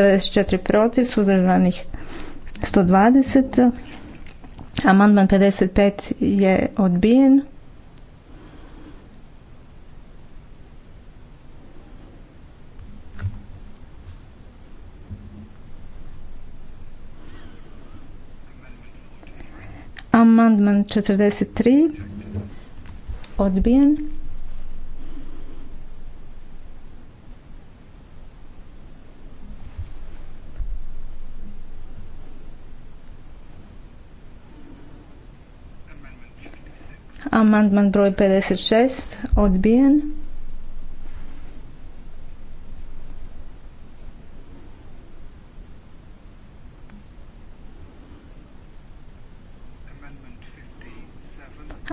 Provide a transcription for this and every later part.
94 protiv, suzdržanih 120. Amandman 55 je odbijen. Amandman 43 odbijen. Amandman broj 56 odbijen.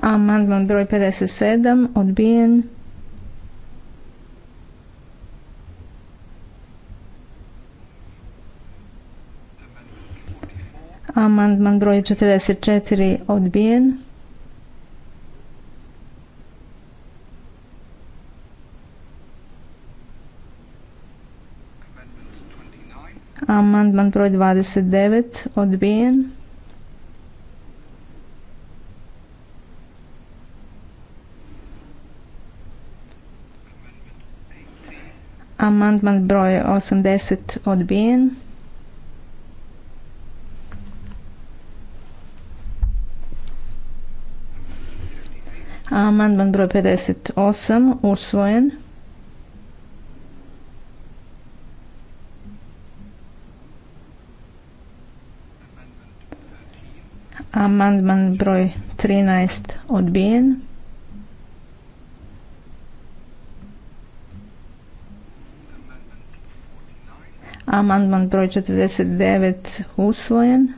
Amandman broj 57 odbijen. Amandman broj 44 odbijen. Amandman broj 29 odbijen. Amandman broj 80 odbijen. Amandman broj 58 usvojen. Amandman broj 13 odbijen. Amandman broj 49 usvojen.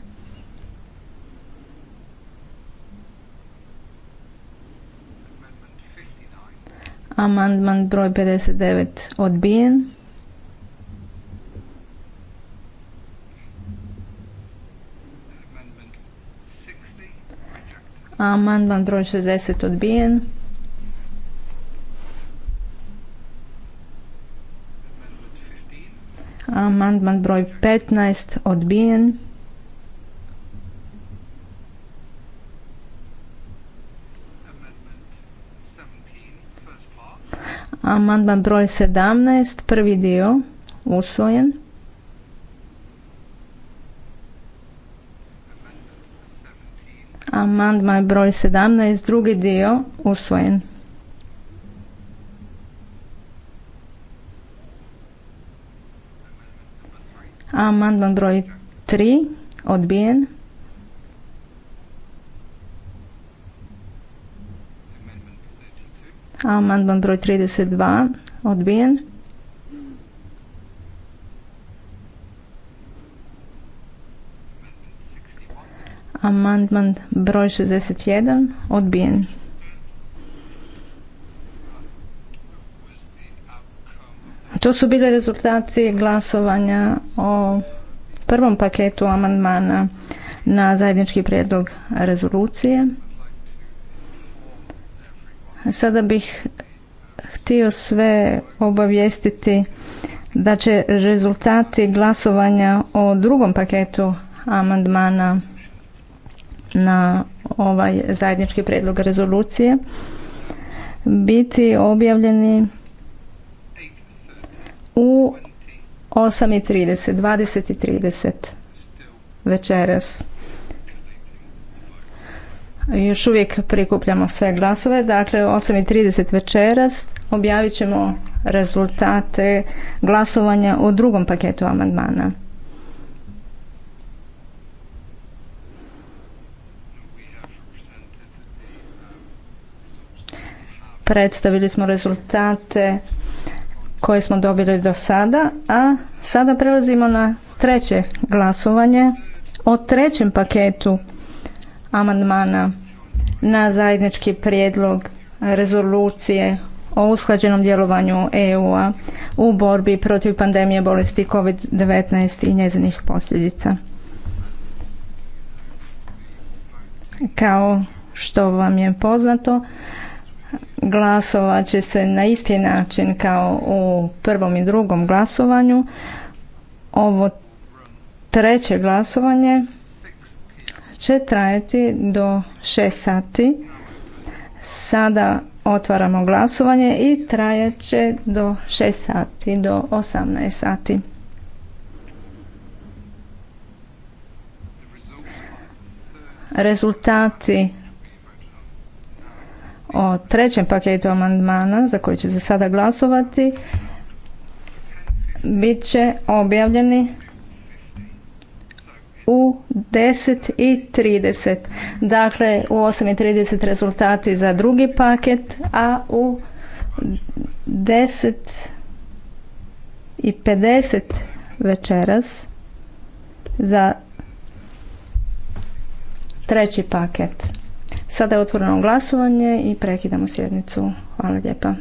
Amandman broj 59 odbijen. Amandman broj 60 odbijen. Amandman broj 15 odbijen. Amandman broj 17, prvi dio, usvojen. Amandman broj 17, drugi dio, usvojen. Amandman broj 3, odbijen. Amandman broj 32, odbijen. Amandman broj 61 odbijen. To su bile rezultati glasovanja o prvom paketu amandmana na zajednički prijedlog rezolucije. Sada bih htio sve obavijestiti da će rezultati glasovanja o drugom paketu amandmana na ovaj zajednički predlog rezolucije biti objavljeni u 8.30, 20.30 večeras. Još uvijek prikupljamo sve glasove, dakle 8.30 večeras objavit ćemo rezultate glasovanja o drugom paketu amandmana. Predstavili smo rezultate koje smo dobili do sada, a sada prelazimo na treće glasovanje o trećem paketu amandmana na zajednički prijedlog rezolucije o usklađenom djelovanju EU-a u borbi protiv pandemije bolesti COVID-19 i njezinih posljedica. Kao što vam je poznato, glasovat će se na isti način kao u prvom i drugom glasovanju. Ovo treće glasovanje će trajati do 6 sati. Sada otvaramo glasovanje i trajat će do 6 sati, do 18 sati. Rezultati o trećem paketu amandmana za koji će se sada glasovati bit će objavljeni u 10.30. Dakle, u 8.30 rezultati za drugi paket, a u i 10.50 večeras za treći paket. Sada je otvoreno glasovanje i prekidamo sjednicu. Hvala lijepa.